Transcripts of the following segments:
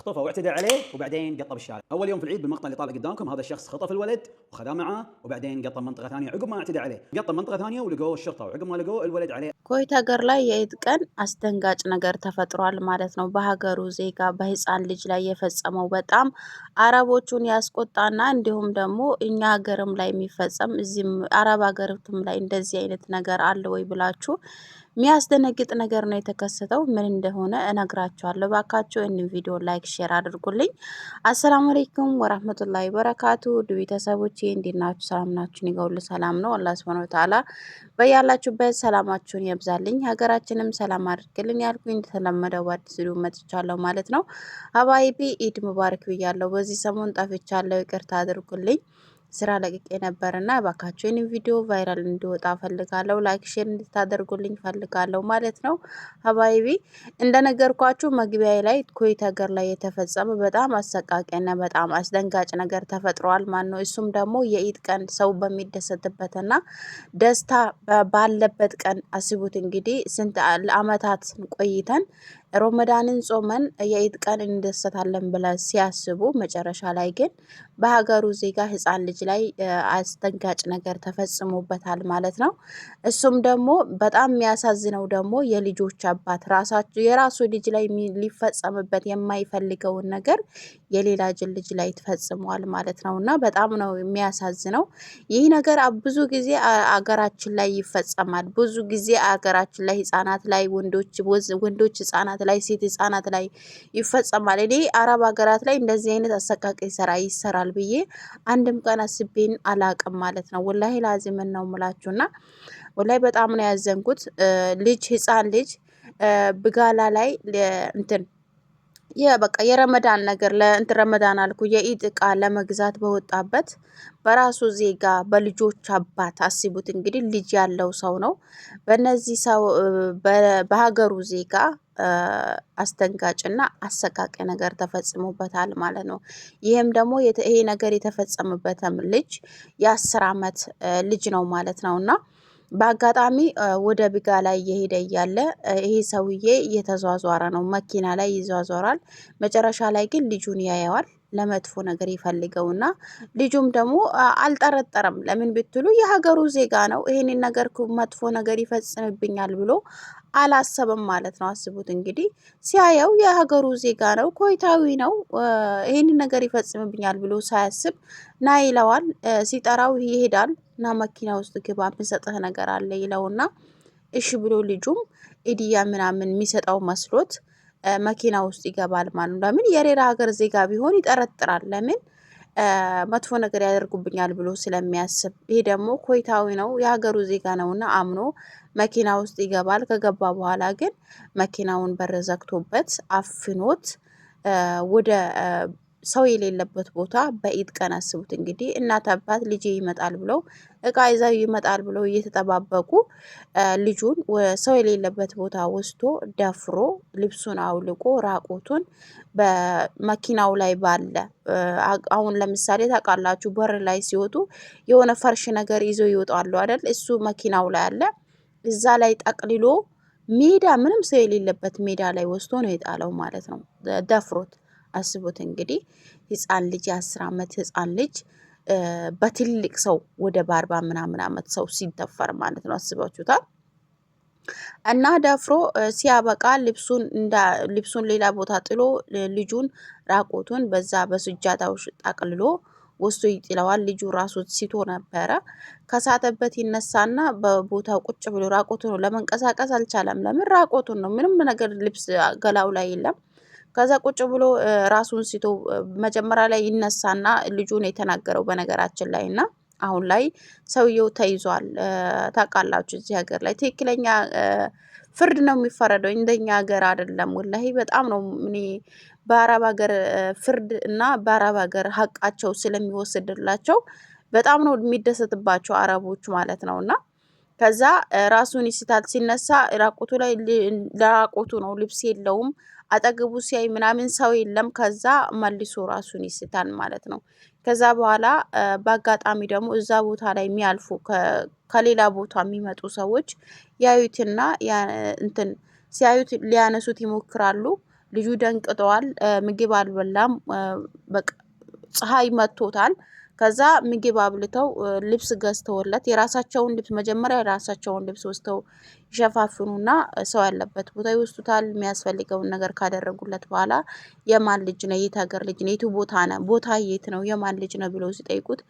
خطفه واعتدى عليه وبعدين قطه بالشارع اول يوم في العيد بالمقطع اللي طالع قدامكم هذا الشخص خطف الولد وخذاه معاه وبعدين قطه منطقه ثانيه عقب ما اعتدى عليه قطه منطقه ثانيه ولقوه الشرطه وعقب ما لقوه الولد عليه ኩዌት ሀገር ላይ የኢድ ቀን አስደንጋጭ ነገር ተፈጥሯል ማለት ነው። በሀገሩ ዜጋ በህፃን ልጅ ላይ የፈጸመው በጣም አረቦቹን ያስቆጣና እንዲሁም ደግሞ እኛ ሀገርም ላይ የሚፈጸም እዚህም አረብ ሀገርትም ላይ እንደዚህ አይነት ነገር አለ ወይ ብላችሁ የሚያስደነግጥ ነገር ነው የተከሰተው። ምን እንደሆነ እነግራችኋለሁ። ባካችሁ እኒ ቪዲዮ ላይክ፣ ሼር አድርጉልኝ። አሰላሙ አለይኩም ወራህመቱላሂ ወበረካቱ ውድ ቤተሰቦቼ እንዴት ናችሁ? ሰላም ናችሁ? እኔ ሰላም ነው። አላህ ሱብሃነሁ ወተዓላ በያላችሁበት ሰላማችሁን ያብዛልኝ፣ ሀገራችንም ሰላም አድርግልን ያልኩኝ እንደተለመደው በአዲስ ቪዲዮ መጥቻለሁ ማለት ነው። አባይቢ ኢድ ሙባረክ ብያለሁ። በዚህ ሰሞን ጠፍቻለሁ፣ ይቅርታ አድርጉልኝ። ስራ ለቅቄ ነበር እና እባካችሁ ይህን ቪዲዮ ቫይራል እንዲወጣ ፈልጋለሁ። ላይክ ሼር እንድታደርጉልኝ ፈልጋለሁ ማለት ነው። ሀባይቢ እንደነገርኳችሁ መግቢያ ላይ ኩዌት ሀገር ላይ የተፈጸመ በጣም አሰቃቂና በጣም አስደንጋጭ ነገር ተፈጥሯል። ማን ነው እሱም ደግሞ የኢድ ቀን ሰው በሚደሰትበትና ደስታ ባለበት ቀን አስቡት እንግዲህ ስንት ለአመታት ቆይተን ሮመዳንን ጾመን የኢድ ቀን እንደሰታለን ብለን ሲያስቡ መጨረሻ ላይ ግን በሀገሩ ዜጋ ህፃን ልጅ ላይ አስደንጋጭ ነገር ተፈጽሞበታል ማለት ነው። እሱም ደግሞ በጣም የሚያሳዝነው ደግሞ የልጆች አባት ራሳቸው የራሱ ልጅ ላይ ሊፈጸምበት የማይፈልገውን ነገር የሌላ ልጅ ላይ ተፈጽሟል ማለት ነው እና በጣም ነው የሚያሳዝነው። ይህ ነገር ብዙ ጊዜ አገራችን ላይ ይፈጸማል። ብዙ ጊዜ አገራችን ላይ ህፃናት ላይ ወንዶች ወንዶች ህጻናት ላይ ሴት ህጻናት ላይ ይፈጸማል። እኔ አረብ ሀገራት ላይ እንደዚህ አይነት አሰቃቂ ስራ ይሰራል ብዬ አንድም ቀን አስቤን አላቅም ማለት ነው። ወላሂ ላዚምን ነው ምላችሁ እና ወላሂ በጣም ነው ያዘንኩት። ልጅ ህጻን ልጅ ብጋላ ላይ እንትን በቃ የረመዳን ነገር ለእንት ረመዳን አልኩ የኢድ እቃ ለመግዛት በወጣበት በራሱ ዜጋ በልጆች አባት አስቡት እንግዲህ ልጅ ያለው ሰው ነው። በነዚህ ሰው በሀገሩ ዜጋ አስደንጋጭና አሰቃቂ ነገር ተፈጽሞበታል ማለት ነው። ይህም ደግሞ ይሄ ነገር የተፈጸመበትም ልጅ የአስር ዓመት ልጅ ነው ማለት ነው እና በአጋጣሚ ወደ ቢጋ ላይ እየሄደ እያለ ይሄ ሰውዬ እየተዟዟረ ነው፣ መኪና ላይ ይዟዟራል። መጨረሻ ላይ ግን ልጁን ያየዋል። ለመጥፎ ነገር ይፈልገውና ልጁም ደግሞ አልጠረጠረም። ለምን ብትሉ የሀገሩ ዜጋ ነው። ይሄንን ነገር መጥፎ ነገር ይፈጽምብኛል ብሎ አላሰበም ማለት ነው። አስቡት እንግዲህ ሲያየው የሀገሩ ዜጋ ነው፣ ኮይታዊ ነው። ይህንን ነገር ይፈጽምብኛል ብሎ ሳያስብ ና ይለዋል። ሲጠራው ይሄዳል። ና መኪና ውስጥ ግባ የምንሰጥህ ነገር አለ ይለውና እሺ ብሎ ልጁም ኢድያ ምናምን የሚሰጠው መስሎት መኪና ውስጥ ይገባል ማለት ነው። ለምን የሌላ ሀገር ዜጋ ቢሆን ይጠረጥራል። ለምን መጥፎ ነገር ያደርጉብኛል ብሎ ስለሚያስብ። ይሄ ደግሞ ኮይታዊ ነው፣ የሀገሩ ዜጋ ነውና አምኖ መኪና ውስጥ ይገባል። ከገባ በኋላ ግን መኪናውን በር ዘግቶበት አፍኖት ወደ ሰው የሌለበት ቦታ በኢድ ቀን አስቡት እንግዲህ እናት አባት ልጅ ይመጣል ብለው እቃ ይዘው ይመጣል ብለው እየተጠባበቁ ልጁን ሰው የሌለበት ቦታ ወስዶ ደፍሮ ልብሱን አውልቆ ራቆቱን በመኪናው ላይ ባለ አሁን ለምሳሌ ታውቃላችሁ፣ በር ላይ ሲወጡ የሆነ ፈርሽ ነገር ይዘው ይወጣሉ አይደል? እሱ መኪናው ላይ አለ። እዛ ላይ ጠቅልሎ ሜዳ ምንም ሰው የሌለበት ሜዳ ላይ ወስዶ ነው የጣለው ማለት ነው ደፍሮት አስቡት እንግዲህ ህፃን ልጅ የአስር ዓመት ህፃን ልጅ በትልቅ ሰው ወደ በአርባ ምናምን ዓመት ሰው ሲደፈር ማለት ነው። አስባችሁታል። እና ደፍሮ ሲያበቃ ልብሱን ሌላ ቦታ ጥሎ ልጁን ራቆቱን በዛ በስጃታው ጠቅልሎ ወስዶ ይጥለዋል። ልጁ ራሱ ሲቶ ነበረ። ከሳተበት ይነሳና በቦታው ቁጭ ብሎ ራቆቱ ነው። ለመንቀሳቀስ አልቻለም። ለምን? ራቆቱን ነው። ምንም ነገር ልብስ ገላው ላይ የለም። ከዛ ቁጭ ብሎ ራሱን ስቶ መጀመሪያ ላይ ይነሳና ልጁን የተናገረው በነገራችን ላይ እና አሁን ላይ ሰውየው ተይዟል። ታውቃላችሁ እዚህ ሀገር ላይ ትክክለኛ ፍርድ ነው የሚፈረደው፣ እንደኛ ሀገር አይደለም። ወላሂ በጣም ነው እኔ በአረብ ሀገር ፍርድ እና በአረብ ሀገር ሀቃቸው ስለሚወስድላቸው በጣም ነው የሚደሰትባቸው አረቦች ማለት ነው እና ከዛ ራሱን ይስታል። ሲነሳ ራቁቱ ላይ ለራቁቱ ነው፣ ልብስ የለውም። አጠገቡ ሲያይ ምናምን ሰው የለም። ከዛ መልሶ ራሱን ይስታል ማለት ነው። ከዛ በኋላ በአጋጣሚ ደግሞ እዛ ቦታ ላይ የሚያልፉ ከሌላ ቦታ የሚመጡ ሰዎች ያዩትና እንትን ሲያዩት ሊያነሱት ይሞክራሉ። ልጁ ደንቅጠዋል። ምግብ አልበላም። በቃ ፀሐይ መቶታል። ከዛ ምግብ አብልተው ልብስ ገዝተውለት የራሳቸውን ልብስ መጀመሪያ የራሳቸውን ልብስ ወስተው ይሸፋፍኑና ሰው ያለበት ቦታ ይወስዱታል። የሚያስፈልገውን ነገር ካደረጉለት በኋላ የማን ልጅ ነው? የት ሀገር ልጅ ነው? የቱ ቦታ ነው? ቦታ የት ነው? የማን ልጅ ነው? ብለው ሲጠይቁት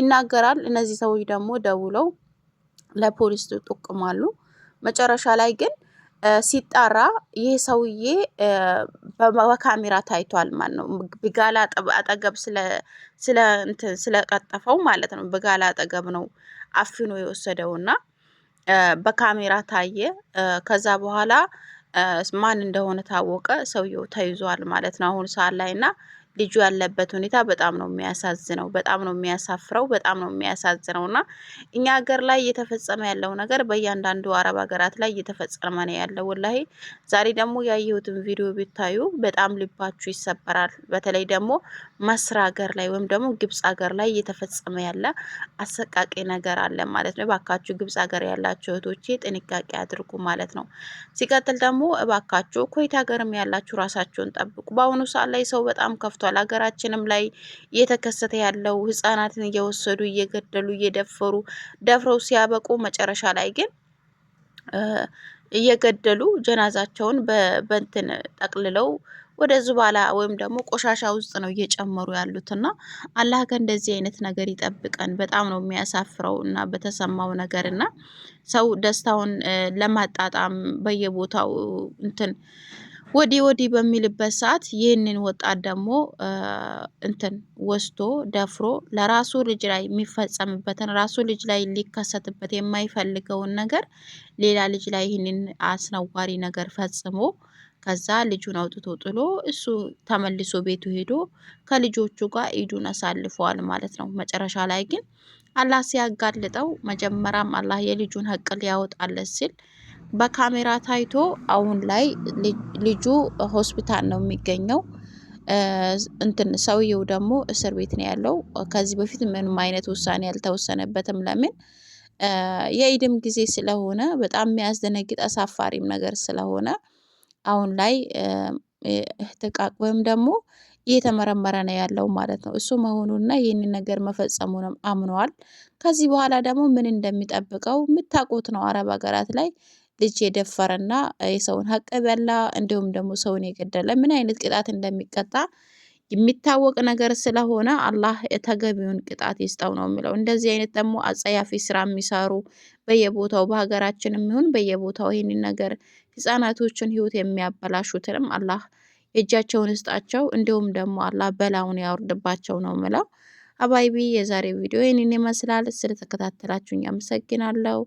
ይናገራል። እነዚህ ሰዎች ደግሞ ደውለው ለፖሊስ ጥቁማሉ። መጨረሻ ላይ ግን ሲጣራ ይህ ሰውዬ በካሜራ ታይቷል ማለት ነው። ብጋላ አጠገብ ስለቀጠፈው ማለት ነው። ብጋላ አጠገብ ነው አፍኖ የወሰደውና በካሜራ ታየ። ከዛ በኋላ ማን እንደሆነ ታወቀ። ሰውየው ተይዟል ማለት ነው አሁን ሰዓት ላይ እና ልጁ ያለበት ሁኔታ በጣም ነው የሚያሳዝነው፣ በጣም ነው የሚያሳፍረው፣ በጣም ነው የሚያሳዝነው እና እኛ ሀገር ላይ እየተፈጸመ ያለው ነገር በእያንዳንዱ አረብ ሀገራት ላይ እየተፈጸመ ነው ያለው። ወላሂ ዛሬ ደግሞ ያየሁትን ቪዲዮ ቢታዩ በጣም ልባችሁ ይሰበራል። በተለይ ደግሞ መስራ ሀገር ላይ ወይም ደግሞ ግብጽ ሀገር ላይ እየተፈጸመ ያለ አሰቃቂ ነገር አለ ማለት ነው። እባካችሁ ግብጽ ሀገር ያላችሁ እህቶቼ ጥንቃቄ አድርጉ ማለት ነው። ሲቀጥል ደግሞ እባካችሁ ኮይት ሀገርም ያላችሁ ራሳችሁን ጠብቁ። በአሁኑ ሰዓት ላይ ሰው በጣም ከፍቶ ተከስቷል። ሀገራችንም ላይ እየተከሰተ ያለው ህጻናትን እየወሰዱ እየገደሉ እየደፈሩ ደፍረው ሲያበቁ መጨረሻ ላይ ግን እየገደሉ ጀናዛቸውን በበንትን ጠቅልለው ወደ ዙባላ ወይም ደግሞ ቆሻሻ ውስጥ ነው እየጨመሩ ያሉት እና አላህ ከእንደዚህ አይነት ነገር ይጠብቀን። በጣም ነው የሚያሳፍረው እና በተሰማው ነገር እና ሰው ደስታውን ለማጣጣም በየቦታው እንትን ወዲህ ወዲህ በሚልበት ሰዓት ይህንን ወጣት ደግሞ እንትን ወስቶ ደፍሮ ለራሱ ልጅ ላይ የሚፈጸምበትን ራሱ ልጅ ላይ ሊከሰትበት የማይፈልገውን ነገር ሌላ ልጅ ላይ ይህንን አስነዋሪ ነገር ፈጽሞ ከዛ ልጁን አውጥቶ ጥሎ እሱ ተመልሶ ቤቱ ሄዶ ከልጆቹ ጋር ኢዱን አሳልፈዋል ማለት ነው። መጨረሻ ላይ ግን አላህ ሲያጋልጠው መጀመሪያም አላህ የልጁን ሀቅ ሊያወጣለት ሲል በካሜራ ታይቶ አሁን ላይ ልጁ ሆስፒታል ነው የሚገኘው። እንትን ሰውየው ደግሞ እስር ቤት ነው ያለው። ከዚህ በፊት ምንም አይነት ውሳኔ አልተወሰነበትም። ለምን የኢድም ጊዜ ስለሆነ በጣም የሚያስደነግጥ አሳፋሪም ነገር ስለሆነ አሁን ላይ እህትቃቅ ወይም ደግሞ እየተመረመረ ነው ያለው ማለት ነው። እሱ መሆኑና ይህንን ነገር መፈጸሙንም አምነዋል። ከዚህ በኋላ ደግሞ ምን እንደሚጠብቀው የምታውቁት ነው። አረብ ሀገራት ላይ ልጅ የደፈረና የሰውን ሀቅ በላ እንዲሁም ደግሞ ሰውን የገደለ ምን አይነት ቅጣት እንደሚቀጣ የሚታወቅ ነገር ስለሆነ አላህ የተገቢውን ቅጣት ይስጠው ነው የሚለው። እንደዚህ አይነት ደግሞ አጸያፊ ስራ የሚሰሩ በየቦታው በሀገራችን የሚሆን በየቦታው ይህንን ነገር ህጻናቶችን ህይወት የሚያበላሹትንም አላህ የእጃቸውን እስጣቸው እንዲሁም ደግሞ አላህ በላውን ያወርድባቸው ነው የምለው። አባይቢ የዛሬ ቪዲዮ ይህንን ይመስላል። ስለተከታተላችሁኝ አመሰግናለሁ።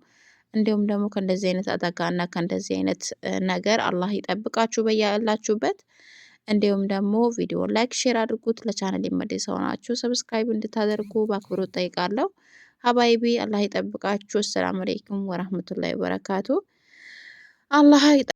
እንዲሁም ደግሞ ከእንደዚህ አይነት አደጋ እና ከእንደዚህ አይነት ነገር አላህ ይጠብቃችሁ በያላችሁበት። እንዲሁም ደግሞ ቪዲዮ ላይክ፣ ሼር አድርጉት። ለቻናል ሰው ናችሁ ሰብስክራይብ እንድታደርጉ በአክብሮት ጠይቃለሁ። ሀባይቢ አላህ ይጠብቃችሁ። አሰላሙ አለይኩም ወራህመቱላሂ ወበረካቱ። አላህ